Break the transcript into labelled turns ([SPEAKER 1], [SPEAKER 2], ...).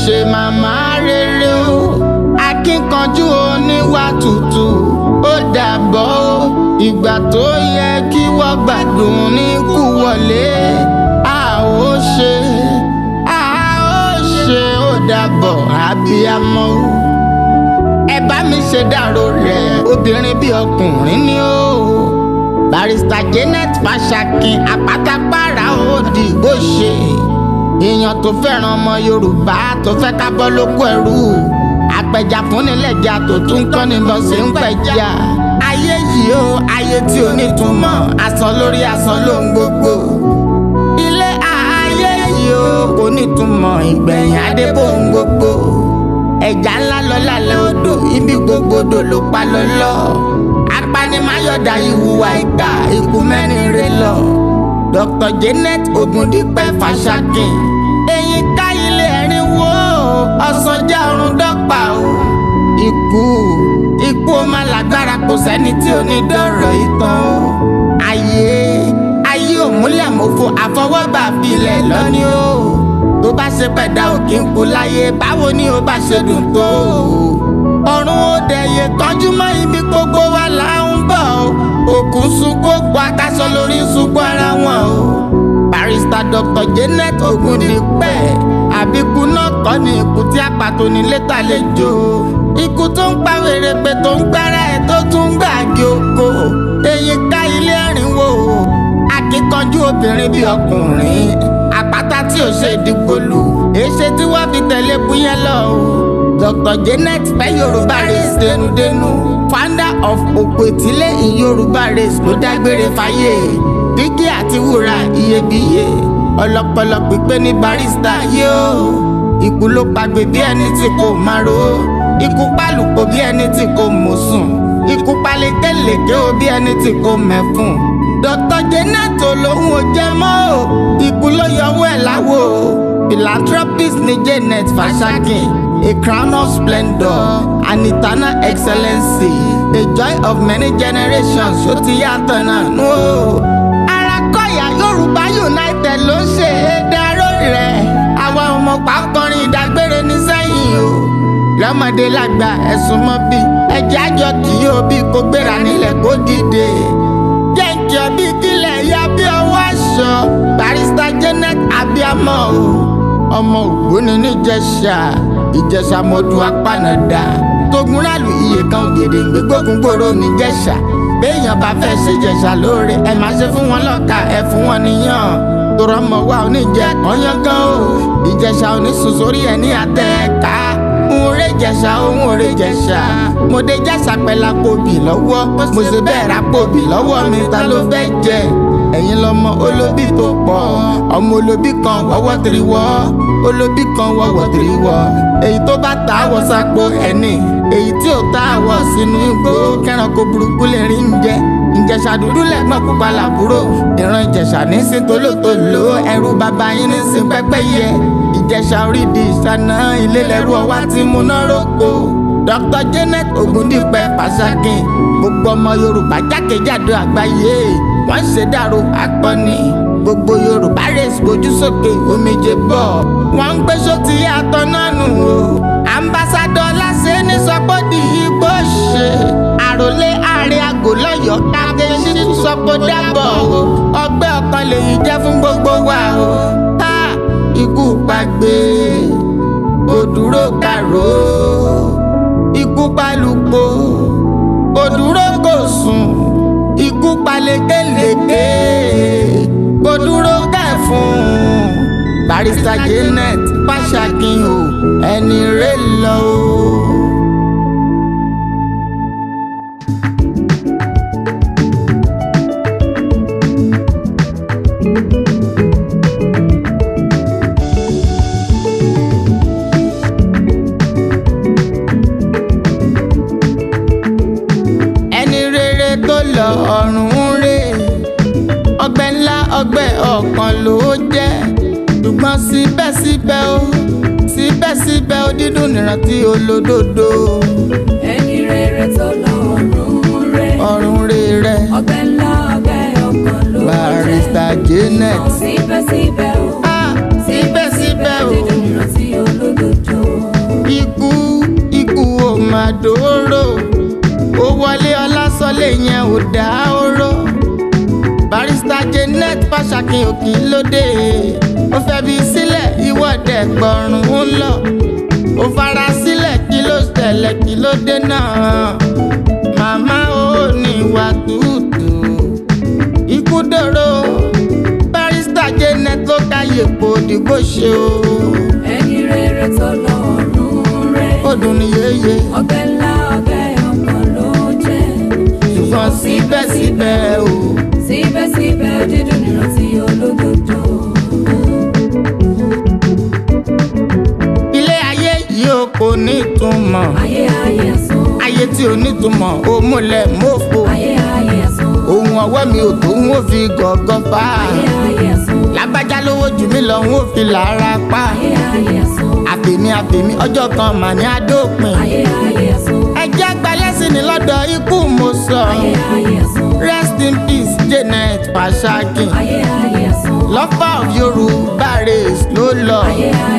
[SPEAKER 1] ṣe màmá rere o akínkanjú oníwà tútù ó dàbọ̀ o ìgbà tó yẹ kí wọ́n gbádùn ní kú wọlé a ó ṣe a ó ṣe ó dàbọ̀ abiyamọ o ẹ bá mi ṣe dàrò rẹ obìnrin bí ọkùnrin ni o barista Janet Fashakin àpátápàrà ó dìgbò ṣe èèyàn tó fẹ́ràn ọmọ Yorùbá tó fẹ́ ká bọ́ lóko ẹrú apẹja fúnnilẹ̀jà tó tún ni lọ sí ń pẹja ayé yìí o ayé tí ò ní túmọ̀ asán lórí asán ló ń gbogbo ilé ayé yìí o kò ní túmọ̀ ìgbẹ̀yìn adébó ń gbogbo ẹja ńlá lọ lálẹ́ odò ibi gbogbo odò ló pa lọ́lọ́ apanimayọ̀dà ìhùwà ìgbà ikú mẹ́rin rẹ̀ Dr. Janet Ògúndípẹ̀ Fàṣàkì eyín ká ilé ẹ̀rín wo ọ̀sánjá ọ̀run dọ́pà o ikú ikú ó máa lágbára kò sẹ́ni tí ò ní dọ̀rọ̀ ìtàn o ayé ayé òmúlẹ̀ mòfo àfọwọ́gbà filẹ̀ lọ́ní o tó bá ṣe pẹ̀dá òkè ń kú láyé báwo ni ó bá ṣe dùn tó o ọ̀run ó dẹ̀yẹ tọ́jú mọ́ ibi gbogbo wa òkú sunkún ọ̀pọ̀ akásọ lórí sunkún ara wọn o barista Dr. Janet Ogundipe àbíkú náà kọ́ ni ikú tí apàtó ní létà lè jó ikú tó ń pa wèrèpè tó ń gbára ẹ̀ tó tún gbàgé oko eyín ká ilé ẹ̀rínwó akíkanjú obìnrin bíi ọkùnrin àpáta tí ò ṣe ìdìgbò èṣe tí wọ́n fi tẹ̀lé kú yẹn lọ o Dr. Janet fẹ́ Yorùbá rẹ̀ dénúdénú fanda of Òpòtílé in Yorùbá race ló dágbére fáyé dígí àti wúrà iyebíye ọlọ́pọlọ pípé ní barista yóò ikú ló pagbe bí ẹni tí kò márò ikú pálùpò bí ẹni tí kò mọ̀sùn ikú palétélèké o bí ẹni tí kò mẹ̀fún dr jenato lòun ò jẹ mọ́ o ikú ló yọwọ́ ẹ̀ láwo philanthropist ni Janet Fashakin a crown of splendor, and eternal excellency of many generations ó ti yàtọ̀ náà nù o. Àràkọ́yà Yorùbá United ló ń ṣe é dáró rẹ̀ àwa ọmọ pàákọrin ìdágbére ní sẹ́yìn o. lọ́mọdé lágbà ẹ̀sùn mọ́ bí ẹ̀jẹ̀ àjọ kì í òbí kó gbéra nílẹ̀ kó dìde. jẹ́ǹjẹ́ bí kílẹ̀ ya bí ọwọ́ aṣọ barista Janet abiyamọ o ọmọ Ògbóni níjẹ̀ṣà Ìjẹ̀ṣà mọ́dún apánàdá tógun rálù iye kan ògèdè gbégbógun gbòòrò níjẹ̀ṣà béèyàn bá fẹ́ ṣe jẹ̀ṣà lóore ẹ má ṣe fún wọn lọ́ka ẹ fún wọn níyàn tòrọ mọ̀ wá oníjẹ ọyán gan o ìjẹ̀ṣà onísùn sórí ẹ̀ ní àtẹ̀ká òǹrè jẹ̀ṣà òǹrè jẹ̀ṣà mo dé jẹ̀ṣà pẹ̀lú àpòbì lọ́wọ́ mo ṣe bẹ́ẹ̀ rà àpòbì lọ́wọ́ mi ta ló fẹ́ jẹ ẹ̀yin lọ́mọ olóbì tó pọ̀ ọmọ olóbì kan wọ́wọ́ tiri wọ́ olóbì kan wọ́wọ́ tiri wọ́ èyí tó bá ta àwọ̀ sápò ẹni èyí tí ò ta àwọ̀ sínú igbó kẹranko burúkú lè rí ń jẹ dúdú lẹ́gbọ́n pupa làbúrò ìran ìjẹ̀ṣà ní sin tolótoló ẹrú bàbá yín ní sin pẹ́pẹ́yẹ ìjẹ̀ṣà orí di ìṣáná ilé lẹ́rú ọwá tí mo ná rògbò Dr. Janet Ogundipe Fashakin gbogbo ọmọ Yorùbá jákèjádò àgbáyé wọ́n ń ṣe dàrú akọni gbogbo Yorùbá race gbójú sókè omijé bọ̀ wọ́n ń gbé sóti àtọ̀ náà nù o ambassadọ lásìí ní sọpọ́dì igbó ṣe àròlé ààrẹ àgòlọ́yọ̀ káde ní sọpọ́ dábọ̀ ọgbẹ́ ọkàn lèyí jẹ́ fún gbogbo wa o ká ikú pàgbé òdúró kàró ikú pálùpọ̀ òdúró kò sùn légbélégbé kò dúró bẹ́ẹ̀ fún un barista Janet Fáṣàkìn o ẹni rẹ̀ lọ o. ọ̀run ńlá ọgbẹ́ ọkàn ló jẹ́ ṣùgbọ́n síbẹ̀síbẹ̀ ó síbẹ̀síbẹ̀ ó dídùn nírántí olódodo. ẹni rere tó lọ ọ̀run rẹ ọ̀run rere ọgbẹ́ ńlá ọgbẹ́ ọkàn ló jẹ́ barista Janet síbẹ̀síbẹ̀ ó ah, síbẹ̀síbẹ̀ ó dídùn. fàṣàkì òkì lóde ó fẹ́ bí sílẹ̀ ìwọ́de gbọ̀rùn ń lọ ó fara sílẹ̀ kí ló ṣẹlẹ̀ kí ló dé náà màmá ó ní ìwà tútù ikú dòrò barista Janet ló káyè pò òdìgbò ṣe o. ẹni rere tó lọ ọ̀run rẹ̀ ó dùn ní yéye ńlá ọbẹ̀ ọmọ ló jẹ́ ṣùgbọ́n síbẹ̀síbẹ̀ o. tí o nítumọ̀ o múlẹ̀ mọ́fò. ohun ọwọ́ mi ò tó ń ó fi gọ̀ọ̀gàn pa. lágbájá lówó jù mí lọ ń fi làárà pa. àfèmí àfèmí ọjọ́ kan mà ní adópin. ẹ jẹ́ gbalẹ́sìn ní lọ́dọ̀ ikú mo sọ. rest in peace Janet Fashakin. lover of Yorùbá race ló lọ. Ayé, ayé,